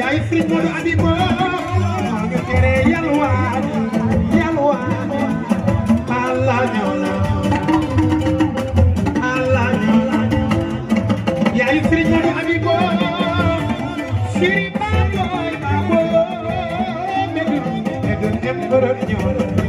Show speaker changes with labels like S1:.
S1: yaay sëriñ Moodu Abibo maa ngi tere yalwaan yalwaan alla ñoo la alla ñoo la yaay sëriñ Moodu Abibo sëriñ Ba Boy Ba Boy